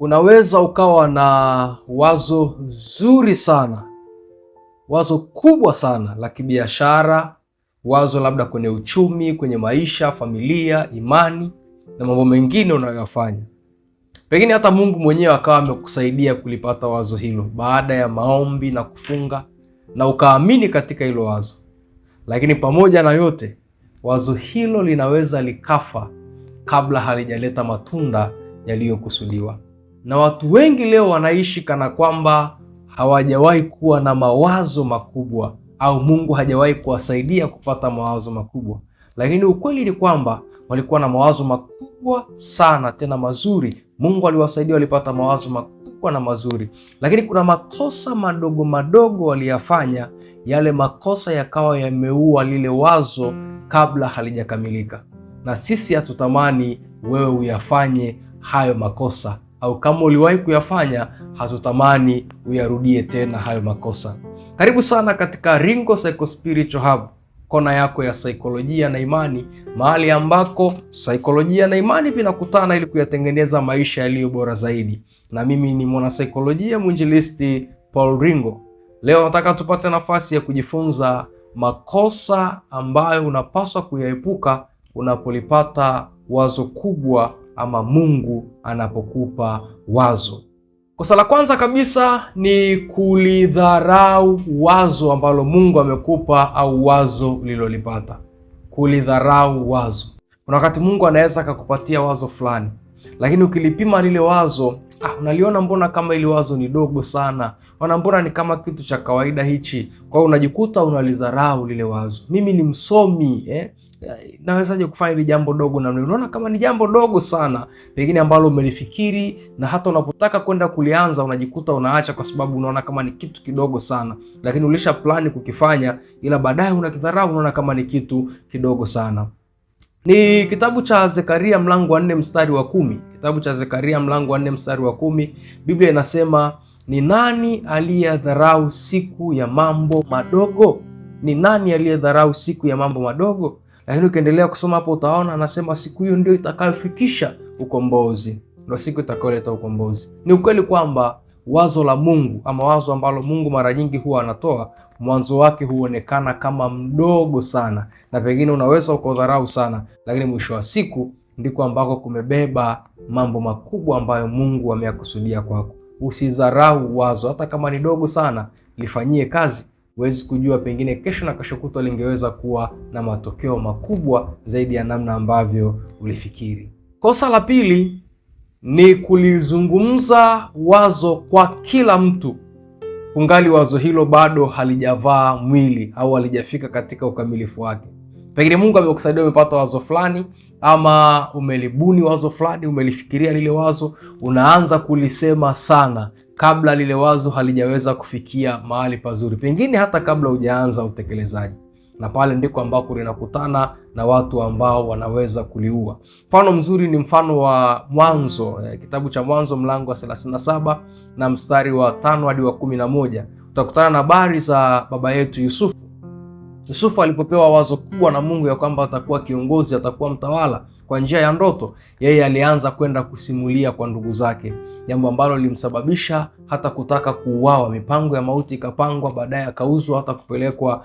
Unaweza ukawa na wazo zuri sana, wazo kubwa sana la kibiashara, wazo labda kwenye uchumi, kwenye maisha, familia, imani na mambo mengine unayoyafanya. Pengine hata Mungu mwenyewe akawa amekusaidia kulipata wazo hilo baada ya maombi na kufunga, na ukaamini katika hilo wazo. Lakini pamoja na yote, wazo hilo linaweza likafa kabla halijaleta matunda yaliyokusudiwa na watu wengi leo wanaishi kana kwamba hawajawahi kuwa na mawazo makubwa au Mungu hajawahi kuwasaidia kupata mawazo makubwa, lakini ukweli ni kwamba walikuwa na mawazo makubwa sana tena mazuri. Mungu aliwasaidia, walipata mawazo makubwa na mazuri, lakini kuna makosa madogo madogo waliyafanya, yale makosa yakawa yameua lile wazo kabla halijakamilika. Na sisi hatutamani wewe uyafanye hayo makosa au kama uliwahi kuyafanya, hatutamani uyarudie tena hayo makosa. Karibu sana katika Ringo Spiritual Hub, kona yako ya saikolojia na imani, mahali ambako saikolojia na imani vinakutana ili kuyatengeneza maisha yaliyo bora zaidi. Na mimi ni mwanasaikolojia mwinjilisti Paul Ringo. Leo nataka tupate nafasi ya kujifunza makosa ambayo unapaswa kuyaepuka unapolipata wazo kubwa ama Mungu anapokupa wazo. Kosa la kwanza kabisa ni kulidharau wazo ambalo Mungu amekupa au wazo ulilolipata. Kulidharau wazo. Kuna wakati Mungu anaweza akakupatia wazo fulani, lakini ukilipima lile wazo ah, unaliona mbona kama ili wazo ni dogo sana, wana mbona ni kama kitu cha kawaida hichi. Kwa hiyo unajikuta unalidharau lile wazo. Mimi ni msomi eh? nawezaje kufanya hili jambo dogo namna? Unaona kama ni jambo dogo sana, pengine ambalo umelifikiri na hata unapotaka kwenda kulianza unajikuta unaacha, kwa sababu unaona kama ni kitu kidogo sana, lakini ulisha plani kukifanya, ila baadaye unakidharau, unaona kama ni kitu kidogo sana. Ni kitabu cha Zekaria mlango wa nne mstari wa kumi. Kitabu cha Zekaria mlango wa nne mstari wa kumi, Biblia inasema ni nani aliyedharau siku ya mambo madogo? Ni nani aliyedharau siku ya mambo madogo? Lakini ukiendelea kusoma hapo utaona anasema siku hiyo ndio itakayofikisha ukombozi, ndio siku itakayoleta ukombozi. Ni ukweli kwamba wazo la Mungu ama wazo ambalo Mungu mara nyingi huwa anatoa mwanzo wake huonekana kama mdogo sana, na pengine unaweza ukaudharau sana, lakini mwisho wa siku ndiko ambako kumebeba mambo makubwa ambayo Mungu ameyakusudia kwako. Usidharau wazo, hata kama ni dogo sana, lifanyie kazi huwezi kujua, pengine kesho na kesho kutwa lingeweza kuwa na matokeo makubwa zaidi ya namna ambavyo ulifikiri. Kosa la pili ni kulizungumza wazo kwa kila mtu kungali wazo hilo bado halijavaa mwili au halijafika katika ukamilifu wake. Pengine Mungu amekusaidia, umepata wazo fulani, ama umelibuni wazo fulani, umelifikiria lile wazo, unaanza kulisema sana kabla lile wazo halijaweza kufikia mahali pazuri, pengine hata kabla hujaanza utekelezaji, na pale ndiko ambako linakutana na watu ambao wanaweza kuliua. Mfano mzuri ni mfano wa Mwanzo, eh, kitabu cha Mwanzo mlango wa 37 na mstari wa tano hadi wa 11. Utakutana na habari za baba yetu Yusufu. Yusufu alipopewa wazo kubwa na Mungu ya kwamba atakuwa kiongozi, atakuwa mtawala kwa njia ya ndoto, yeye alianza kwenda kusimulia kwa ndugu zake, jambo ambalo lilimsababisha hata kutaka kuuawa. Mipango ya mauti ikapangwa, baadaye akauzwa hata kupelekwa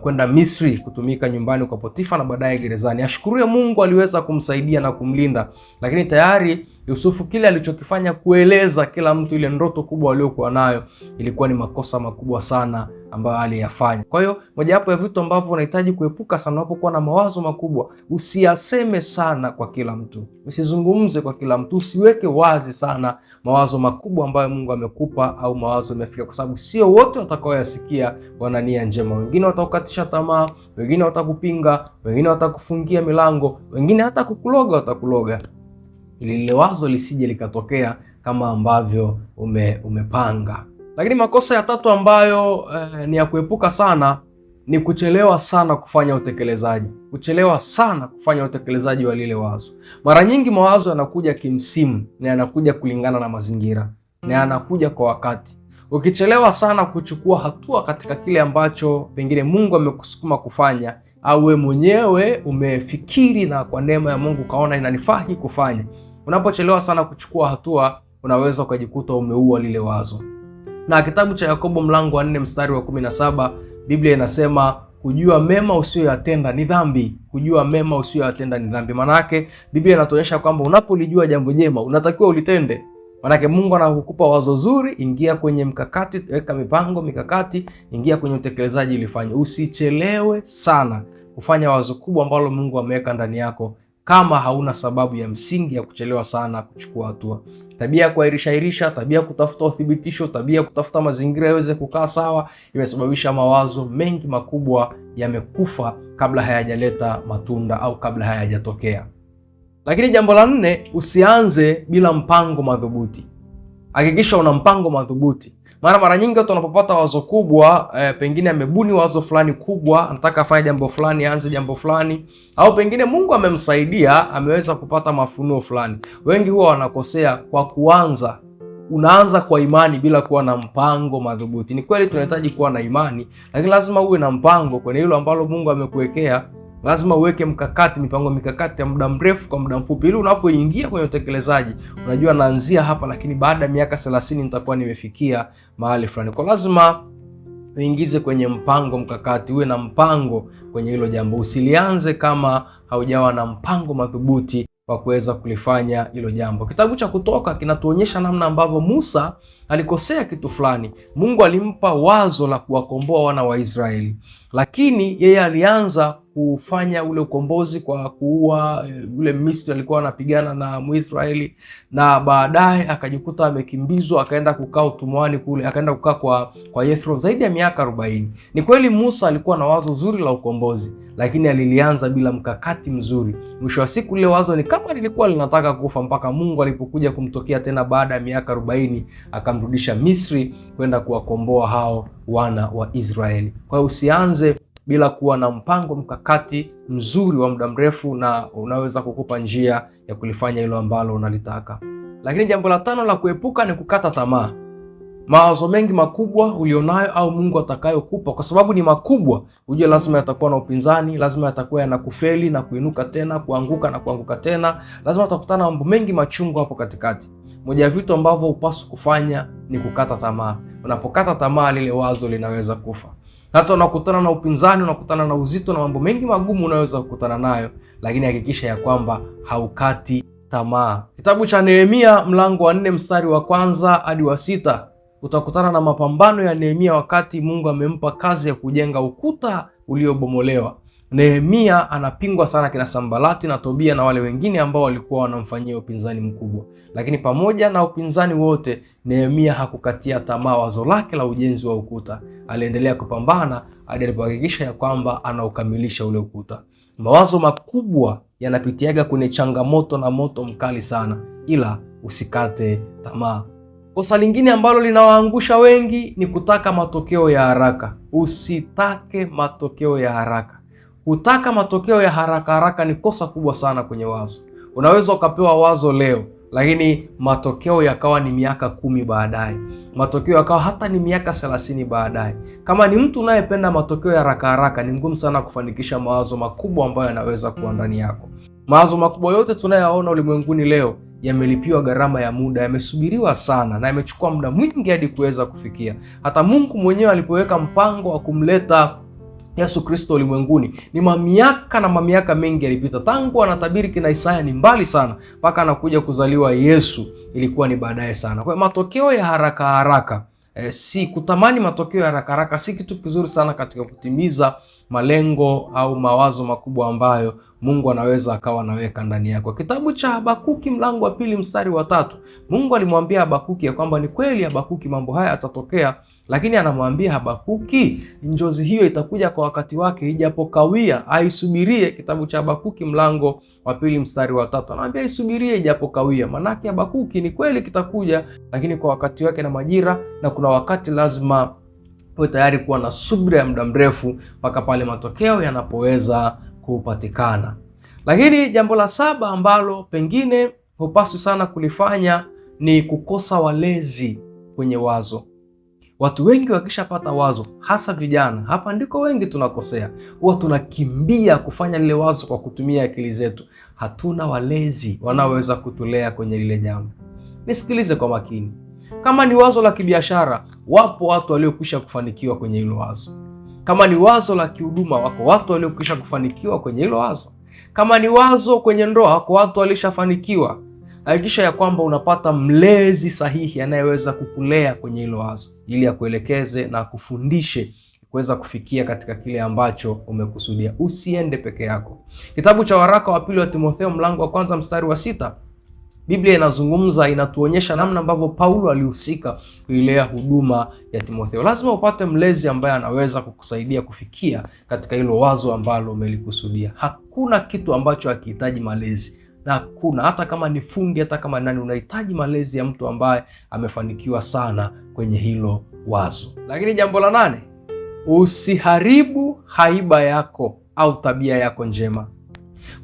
kwenda Misri kutumika nyumbani kwa Potifa na baadaye gerezani. Ashukuruye Mungu aliweza kumsaidia na kumlinda, lakini tayari Yusufu kile alichokifanya kueleza kila mtu ile ndoto kubwa aliyokuwa nayo ilikuwa ni makosa makubwa sana ambayo aliyafanya. Kwa hiyo mojawapo ya vitu ambavyo unahitaji kuepuka sana unapokuwa na mawazo makubwa, usiyaseme sana kwa kila mtu, usizungumze kwa kila mtu, usiweke wazi sana mawazo makubwa ambayo Mungu amekupa au mawazo umefikia, kwa sababu sio wote watakaoyasikia wana nia njema. Wengine watakukatisha tamaa, wengine watakupinga, wengine watakufungia milango, wengine hata kukuloga watakuloga ili lile wazo lisije likatokea kama ambavyo ume, umepanga. Lakini makosa ya tatu ambayo eh, ni ya kuepuka sana ni kuchelewa sana kufanya utekelezaji, kuchelewa sana kufanya utekelezaji wa lile wazo. Mara nyingi mawazo yanakuja kimsimu na yanakuja kulingana na mazingira na yanakuja kwa wakati. Ukichelewa sana kuchukua hatua katika kile ambacho pengine Mungu amekusukuma kufanya au mwenyewe umefikiri na kwa neema ya Mungu ukaona inanifaa hii kufanya, Unapochelewa sana kuchukua hatua, unaweza ukajikuta umeua lile wazo. Na kitabu cha Yakobo mlango wa 4 mstari wa 17, Biblia inasema kujua mema usiyoyatenda ni dhambi. Kujua mema usiyoyatenda ni dhambi. Maana Biblia inatuonyesha kwamba unapolijua jambo jema unatakiwa ulitende. Manake Mungu anakukupa wazo zuri, ingia kwenye mkakati, weka mipango mikakati, ingia kwenye utekelezaji, ilifanye. Usichelewe sana kufanya wazo kubwa ambalo Mungu ameweka ndani yako kama hauna sababu ya msingi ya kuchelewa sana kuchukua hatua. Tabia ya kuairishairisha tabia ya kutafuta uthibitisho, tabia ya kutafuta mazingira yaweze kukaa sawa, imesababisha mawazo mengi makubwa yamekufa kabla hayajaleta matunda au kabla hayajatokea. Lakini jambo la nne, usianze bila mpango madhubuti. Hakikisha una mpango madhubuti. Maana mara nyingi watu wanapopata wazo kubwa eh, pengine amebuni wazo fulani kubwa, anataka afanye jambo fulani, aanze jambo fulani, au pengine Mungu amemsaidia, ameweza kupata mafunuo fulani. Wengi huwa wanakosea kwa kuanza unaanza kwa imani bila kuwa na mpango madhubuti. Ni kweli tunahitaji kuwa na imani, lakini lazima uwe na mpango kwenye hilo ambalo Mungu amekuwekea lazima uweke mkakati, mipango mikakati ya muda mrefu kwa muda mfupi, ili unapoingia kwenye utekelezaji unajua naanzia hapa, lakini baada ya miaka 30 nitakuwa nimefikia mahali fulani. Kwa lazima uingize kwenye mpango mkakati, uwe na mpango kwenye hilo jambo. Usilianze kama haujawa na mpango madhubuti wa kuweza kulifanya hilo jambo. Kitabu cha Kutoka kinatuonyesha namna ambavyo Musa alikosea kitu fulani. Mungu alimpa wazo la kuwakomboa wana wa Israeli, lakini yeye alianza kufanya ule ukombozi kwa kuua eh, yule Misri alikuwa anapigana na Mwisraeli, na baadaye akajikuta amekimbizwa akaenda kukaa utumwani kule, akaenda kukaa kwa, kwa Yethro zaidi ya miaka 40. Ni kweli Musa alikuwa na wazo zuri la ukombozi, lakini alilianza bila mkakati mzuri. Mwisho wa siku lile wazo ni kama lilikuwa linataka kufa, mpaka Mungu alipokuja kumtokea tena baada ya miaka 40 akamrudisha Misri kwenda kuwakomboa hao wana wa Israeli. Kwa hiyo usianze bila kuwa na mpango mkakati mzuri wa muda mrefu, na unaweza kukupa njia ya kulifanya hilo ambalo unalitaka. Lakini jambo la tano la kuepuka ni kukata tamaa. Mawazo mengi makubwa ulionayo au Mungu atakayokupa, kwa sababu ni makubwa, hujue lazima yatakuwa na upinzani, lazima yatakuwa yanakufeli na kuinuka tena, kuanguka na kuanguka tena, lazima utakutana na mambo mengi machungu hapo katikati. Moja ya vitu ambavyo hupaswi kufanya ni kukata tamaa. Unapokata tamaa, lile wazo linaweza kufa hata unakutana na upinzani, unakutana na uzito na mambo mengi magumu unayoweza kukutana nayo, lakini hakikisha ya kwamba haukati tamaa. Kitabu cha Nehemia mlango wa nne mstari wa kwanza hadi wa sita utakutana na mapambano ya Nehemia wakati Mungu amempa kazi ya kujenga ukuta uliobomolewa. Nehemia anapingwa sana kina Sambalati na Tobia na wale wengine ambao walikuwa wanamfanyia upinzani mkubwa, lakini pamoja na upinzani wote, Nehemia hakukatia tamaa wazo lake la ujenzi wa ukuta. Aliendelea kupambana hadi alipohakikisha ya kwamba anaukamilisha ule ukuta. Mawazo makubwa yanapitiaga kwenye changamoto na moto mkali sana, ila usikate tamaa. Kosa lingine ambalo linawaangusha wengi ni kutaka matokeo ya haraka. Usitake matokeo ya haraka. Kutaka matokeo ya haraka haraka ni kosa kubwa sana kwenye wazo. Unaweza ukapewa wazo leo, lakini matokeo yakawa ni miaka kumi baadaye, matokeo yakawa hata ni miaka thelathini baadaye. Kama ni mtu unayependa matokeo ya haraka haraka, ni ngumu sana kufanikisha mawazo makubwa ambayo yanaweza kuwa ndani yako. Mawazo makubwa yote tunayaona ulimwenguni leo yamelipiwa gharama ya muda, yamesubiriwa sana na yamechukua muda mwingi hadi kuweza kufikia. Hata Mungu mwenyewe alipoweka mpango wa kumleta Yesu Kristo ulimwenguni ni mamiaka na mamiaka mengi yalipita tangu anatabiri kina Isaya ni mbali sana mpaka anakuja kuzaliwa Yesu ilikuwa ni baadaye sana. Kwa matokeo ya haraka haraka, e, si kutamani matokeo ya haraka haraka si kitu kizuri sana katika kutimiza malengo au mawazo makubwa ambayo Mungu anaweza akawa anaweka ndani yako. Kitabu cha Habakuki mlango wa pili mstari wa tatu, Mungu alimwambia Habakuki ya kwamba ni kweli Habakuki, mambo haya yatatokea, lakini anamwambia Habakuki, njozi hiyo itakuja kwa wakati wake, ijapokawia aisubirie. Kitabu cha Habakuki mlango wa pili mstari wa tatu, anamwambia aisubirie ijapokawia. Maanake Habakuki, ni kweli kitakuja, lakini kwa wakati wake na majira, na kuna wakati lazima Uwe tayari kuwa na subira ya muda mrefu mpaka pale matokeo yanapoweza kupatikana. Lakini jambo la saba ambalo pengine hupaswi sana kulifanya ni kukosa walezi kwenye wazo. Watu wengi wakishapata wazo, hasa vijana, hapa ndiko wengi tunakosea. Huwa tunakimbia kufanya lile wazo kwa kutumia akili zetu. Hatuna walezi wanaoweza kutulea kwenye lile jambo. Nisikilize kwa makini. Kama ni wazo la kibiashara, wapo watu waliokwisha kufanikiwa kwenye hilo wazo. Kama ni wazo la kihuduma, wako watu waliokwisha kufanikiwa kwenye hilo wazo. Kama ni wazo kwenye ndoa, wako watu walishafanikiwa. Hakikisha ya kwamba unapata mlezi sahihi anayeweza kukulea kwenye hilo wazo, ili akuelekeze na akufundishe kuweza kufikia katika kile ambacho umekusudia. Usiende peke yako. Kitabu cha waraka wa pili wa Timotheo mlango wa kwanza mstari wa sita Biblia inazungumza, inatuonyesha namna ambavyo Paulo alihusika kuilea huduma ya Timotheo. Lazima upate mlezi ambaye anaweza kukusaidia kufikia katika hilo wazo ambalo umelikusudia. Hakuna kitu ambacho hakihitaji malezi na kuna hata kama ni fundi, hata kama nani, unahitaji malezi ya mtu ambaye amefanikiwa sana kwenye hilo wazo. Lakini jambo la nane, usiharibu haiba yako au tabia yako njema.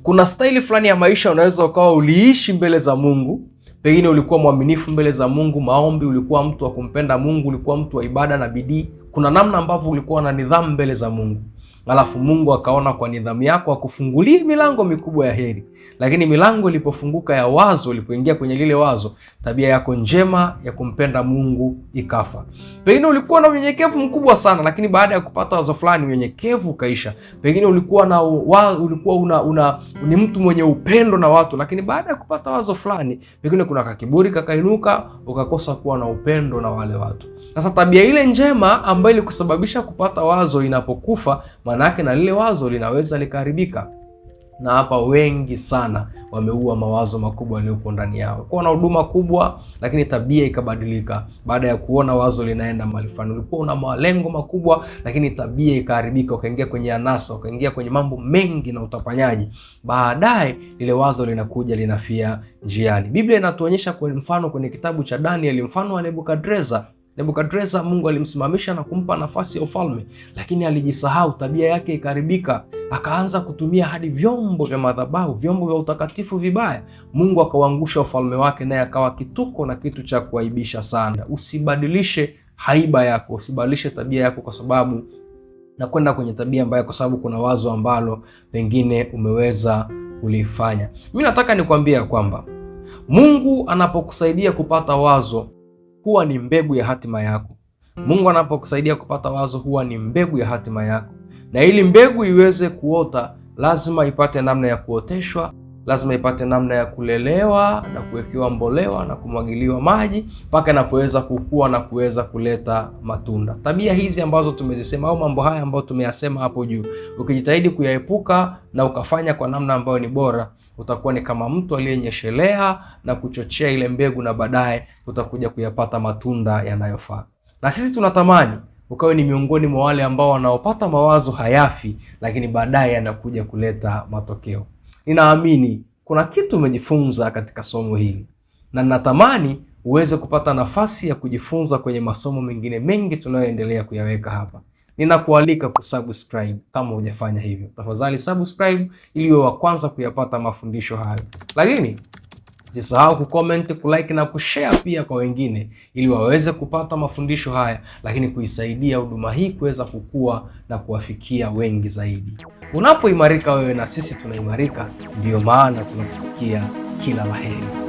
Kuna staili fulani ya maisha unaweza ukawa uliishi mbele za Mungu, pengine ulikuwa mwaminifu mbele za Mungu, maombi, ulikuwa mtu wa kumpenda Mungu, ulikuwa mtu wa ibada na bidii. Kuna namna ambavyo ulikuwa na nidhamu mbele za Mungu, Alafu Mungu akaona kwa nidhamu yako akufungulie milango mikubwa ya heri, lakini milango ilipofunguka ya wazo, ulipoingia kwenye lile wazo, tabia yako njema ya kumpenda Mungu ikafa. Pengine ulikuwa na unyenyekevu mkubwa sana, lakini baada ya kupata wazo fulani unyenyekevu ukaisha. Pengine ulikuwa na wa, ulikuwa una, una ni mtu mwenye upendo na watu, lakini baada ya kupata wazo fulani, pengine kuna kakiburi kakainuka, ukakosa kuwa na upendo na wale watu. Sasa tabia ile njema ambayo ilikusababisha kupata wazo inapokufa manake na lile wazo linaweza likaharibika na hapa wengi sana wameua mawazo makubwa yaliyopo ndani yao, kuwa na huduma kubwa, lakini tabia ikabadilika baada ya kuona wazo linaenda mahali fulani. Ulikuwa una malengo makubwa, lakini tabia ikaharibika, ukaingia kwenye anasa, ukaingia kwenye mambo mengi na utapanyaji. Baadaye lile wazo linakuja linafia njiani. Biblia inatuonyesha kwa mfano kwenye kitabu cha Danieli, mfano wa Nebukadreza Nebukadreza Mungu alimsimamisha na kumpa nafasi ya ufalme, lakini alijisahau, tabia yake ikaharibika, akaanza kutumia hadi vyombo vya madhabahu, vyombo vya utakatifu vibaya. Mungu akauangusha ufalme wake, naye akawa kituko na kitu cha kuaibisha sana. Usibadilishe haiba yako, usibadilishe tabia yako kwa sababu na kwenda kwenye tabia mbaya kwa sababu kuna wazo ambalo pengine umeweza kulifanya. Mimi nataka nikwambie kwamba Mungu anapokusaidia kupata wazo huwa ni mbegu ya hatima yako. Mm. Mungu anapokusaidia kupata wazo, huwa ni mbegu ya hatima yako, na ili mbegu iweze kuota, lazima ipate namna ya kuoteshwa, lazima ipate namna ya kulelewa na kuwekewa mbolewa na kumwagiliwa maji mpaka inapoweza kukua na kuweza kuleta matunda. Tabia hizi ambazo tumezisema au mambo haya ambayo tumeyasema hapo juu, ukijitahidi kuyaepuka na ukafanya kwa namna ambayo ni bora utakuwa ni kama mtu aliyenyeshelea na kuchochea ile mbegu, na baadaye utakuja kuyapata matunda yanayofaa. Na sisi tunatamani ukawe ni miongoni mwa wale ambao wanaopata mawazo hayafi, lakini baadaye yanakuja kuleta matokeo. Ninaamini kuna kitu umejifunza katika somo hili, na natamani uweze kupata nafasi ya kujifunza kwenye masomo mengine mengi tunayoendelea kuyaweka hapa. Ninakualika kusubscribe kama hujafanya hivyo, tafadhali subscribe ili uwe wa kwanza kuyapata mafundisho hayo, lakini usisahau kucomment, kulike na kushare pia kwa wengine ili waweze kupata mafundisho haya, lakini kuisaidia huduma hii kuweza kukua na kuwafikia wengi zaidi. Unapoimarika wewe na sisi tunaimarika, ndiyo maana tunakufikia kila laheri.